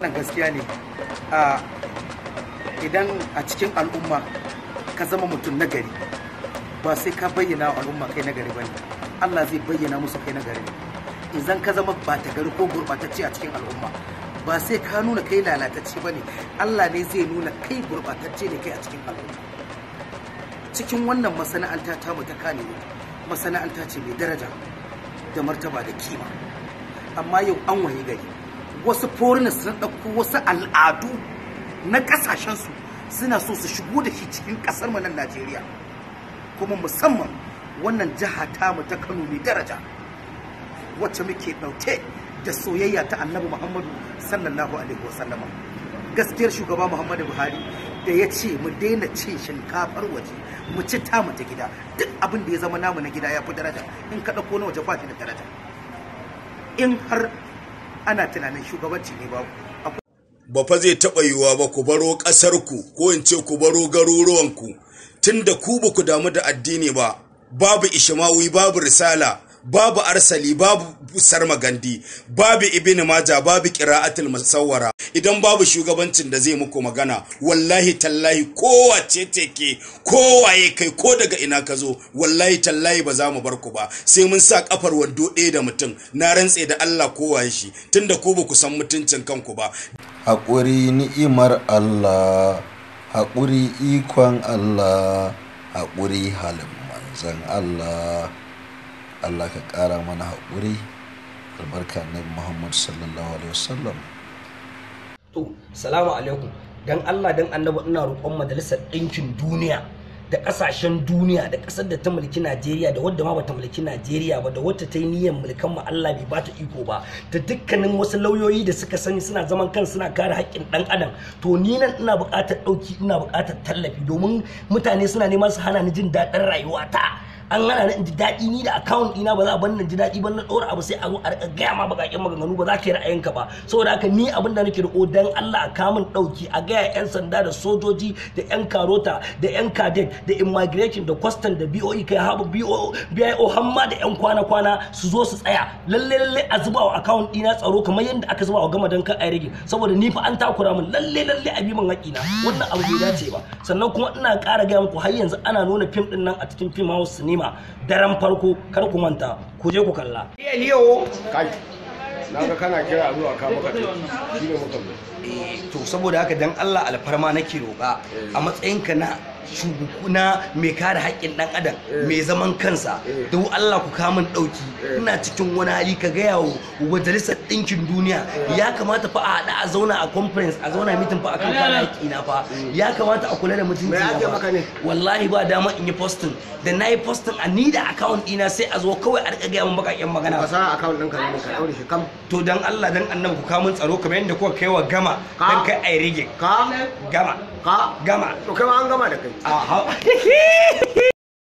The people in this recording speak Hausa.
nan gaskiya ne idan a cikin al'umma ka zama mutum nagari, gari ba sai ka bayyana al'umma kai nagari gari ba ne allah zai bayyana musu kai nagari. gari idan ka zama ba ta gari ko gurɓatacce a cikin al'umma ba sai ka nuna kai lalatacce ba ne allah ne zai nuna kai gurɓatacce ne kai a cikin al'umma cikin wannan masana'anta ta mu ta kane masana'anta ce mai daraja da martaba da kima amma yau an waye gari wasu foreigners sun ɗauko wasu al'adu na ƙasashensu suna so su shigo da shi cikin ƙasar nan Najeriya kuma musamman wannan jiha ta mu ta Kano mai daraja wacce muke ɗauke da soyayya ta Annabi Muhammadu sallallahu alaihi wasallam gaskiyar shugaba Muhammadu Buhari da ya ce mu daina cin shinkafar waje mu ci tamu ta gida duk abin da ya zama namu na gida ya fi daraja in ka ɗauko na waje ba da daraja in har ana tunanin shugabanci ne babu ba fa zai taɓa yiwuwa ba ku baro ƙasarku ko in ce ku baro garuruwanku tun da ku ba ku damu da addini ba babu ishimawi babu risala babu arsali babu busar Magandi, babu ibn maja babu qira'atul musawwara idan babu shugabancin da zai muku magana wallahi tallahi kowa ce take kowaye kai ko daga ina ka zo wallahi tallahi ba za mu bar ku ba sai mun sa kafar wando ɗaya da mutum na rantse da Allah kowaye shi tunda ko ba ku san mutuncin kanku ba haƙuri ni'imar Allah haƙuri ikon Allah haƙuri halin manzan Allah allah ka ƙara mana haƙuri albarka na muhammad sallallahu alaihi wasallam to salamu alaikum dan allah dan annabi ina roƙon majalisar ɗinkin duniya da ƙasashen duniya da ƙasar da ta mulki najeriya da wadda ma bata mulki najeriya ba da wadda ta yi niyyar mulkan mu allah bai bata iko ba da dukkanin wasu lauyoyi da suka sani suna zaman kan suna kare haƙƙin ɗan adam to ni nan ina buƙatar ɗauki ina buƙatar tallafi domin mutane suna neman su hana ni jin daɗin rayuwata an hana ni in ji daɗi ni da account ina ba za a bar ni ji daɗi ba na ɗora abu sai a zo a rika gaya ma baƙaƙen maganganu ba za ka yi ka ba saboda haka ni abin da nake roƙo dan Allah a kamun dauki a gaya 'yan sanda da sojoji da 'yan karota da 'yan kadet da immigration da custom da BOE kai BO e, BIO hamma da 'yan kwana-kwana su zo su tsaya lalle lalle a zuba wa account ɗina tsaro kamar yadda aka zuba wa gama dan kan a rage saboda ni fa an takura min lalle lalle a bi min na wannan abu bai dace ba sannan kuma ina ƙara gaya muku har yanzu ana nuna fim ɗin nan a cikin film house cinema rigima daren farko kar ku manta ku je ku kalla oh. na ga kana kira zuwa ka maka shi ne muka eh, to saboda haka dan Allah alfarma nake roƙa a eh. matsayinka na na mai kare haƙƙin ɗan adam eh. mai zaman kansa eh. da Allah ku kamun ɗauki eh. ina cikin wani hali ka gaya wa majalisar ɗinkin duniya ya kamata fa a haɗa a zauna a conference a zauna mitin fa a kan kare haƙƙi na fa ya kamata a kula da mutunci na wallahi ba dama in yi posting da na yi posting a ni da account ɗina sai a zo kawai a riƙa gaya min baƙaƙen magana ba sa account ɗinka ne ka ɗaure shi kam to dan Allah dan annabi ku kamun tsaro kamar yadda kuka kai wa gama dan kai ai rige gama か我慢我慢我慢っけ